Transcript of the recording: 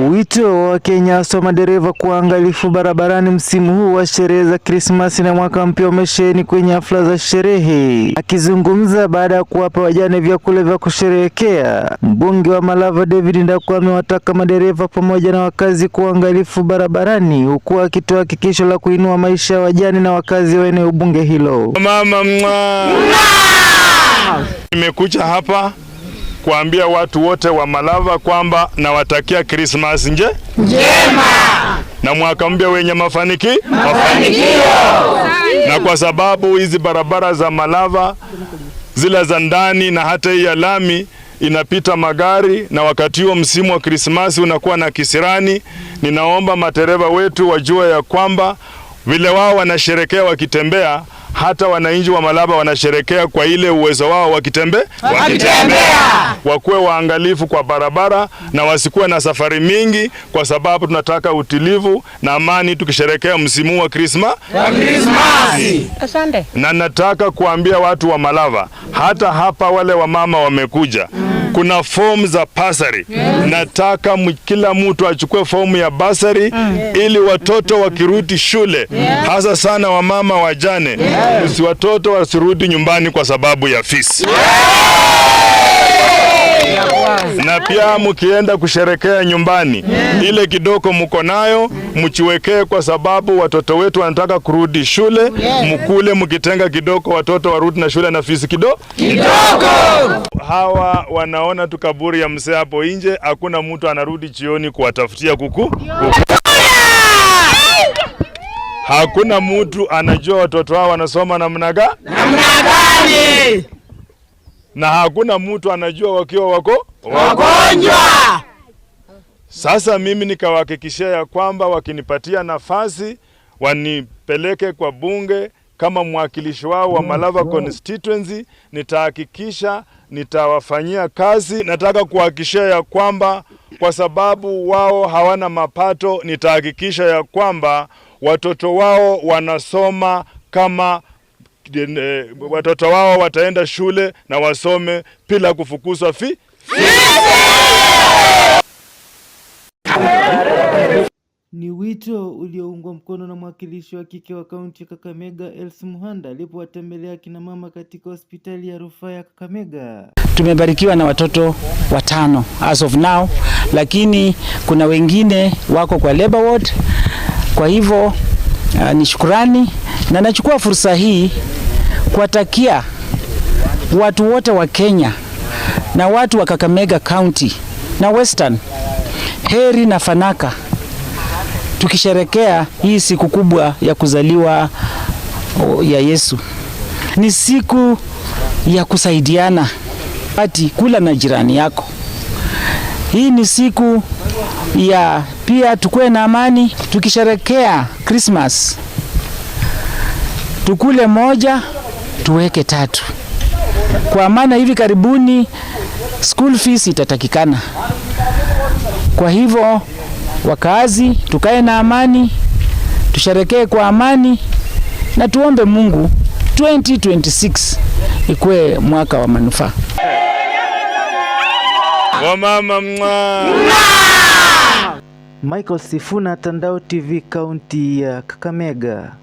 Wito wa Kenya wa madereva kuwa angalifu barabarani msimu huu wa sherehe za Krismasi na mwaka mpya umesheheni kwenye hafla za sherehe. Akizungumza baada ya kuwapa wajane vyakula vya kusherehekea, mbunge wa Malava David Ndakwa amewataka madereva pamoja na wakazi kuwa angalifu barabarani, huku akitoa hakikisho la kuinua maisha ya wajane na wakazi wa eneo bunge hilo. Mama mwa. Mwa. Nimekuja hapa kuambia watu wote wa Malava kwamba nawatakia Christmas nje njema na mwaka mpya wenye mafaniki mafanikio. Na kwa sababu hizi barabara za Malava zile za ndani na hata hii ya lami inapita magari na wakati huo msimu wa Krismasi unakuwa na kisirani. Ninaomba matereva wetu wajua ya kwamba vile wao wanasherekea wakitembea hata wananchi wa Malaba wanasherekea kwa ile uwezo wao wakitembe wakitembea. Wakuwe waangalifu kwa barabara na wasikuwe na safari mingi, kwa sababu tunataka utulivu na amani tukisherekea msimu wa Krisma. Asante. Na nataka kuambia watu wa Malaba, hata hapa wale wamama wamekuja kuna fomu za basari yes. Nataka kila mtu achukue fomu ya basari mm. ili watoto wakirudi shule yeah. hasa sana wamama wajane yeah. watoto wasirudi nyumbani kwa sababu ya fisi yeah na pia mkienda kusherekea nyumbani yeah. Ile kidogo mko nayo mchiwekee, kwa sababu watoto wetu wanataka kurudi shule yeah. Mkule mkitenga kidogo, watoto warudi na shule na fisi kido kidogo. Hawa wanaona tu kaburi ya mzee hapo nje, hakuna mtu anarudi jioni kuwatafutia kuku, kuku. Hakuna mtu anajua watoto hao wanasoma namna gani, namna gani, na hakuna mtu anajua wakiwa wako wagonjwa. Sasa mimi nikawahakikishia ya kwamba wakinipatia nafasi wanipeleke kwa bunge kama mwakilishi wao wa mm, Malava constituency, nitahakikisha nitawafanyia kazi. Nataka kuhakikishia ya kwamba kwa sababu wao hawana mapato, nitahakikisha ya kwamba watoto wao wanasoma kama eh, watoto wao wataenda shule na wasome bila kufukuzwa fee. Ni wito ulioungwa mkono na mwakilishi wa kike wa kaunti ya Kakamega Els Muhanda alipowatembelea kina mama katika hospitali ya rufaa ya Kakamega. Tumebarikiwa na watoto watano as of now, lakini kuna wengine wako kwa labor ward. Kwa hivyo uh, ni shukurani na nachukua fursa hii kuwatakia watu wote wa Kenya na watu wa Kakamega County na Western Heri na Fanaka, tukisherekea hii siku kubwa ya kuzaliwa oh, ya Yesu. Ni siku ya kusaidiana pati kula na jirani yako. Hii ni siku ya pia tukue na amani, tukisherekea Christmas tukule moja tuweke tatu, kwa maana hivi karibuni school fees itatakikana. Kwa hivyo wakazi, tukae na amani, tusherekee kwa amani na tuombe Mungu 2026 ikuwe mwaka wa manufaa. Wamama mwa Michael Sifuna, Tandao TV, kaunti ya Kakamega.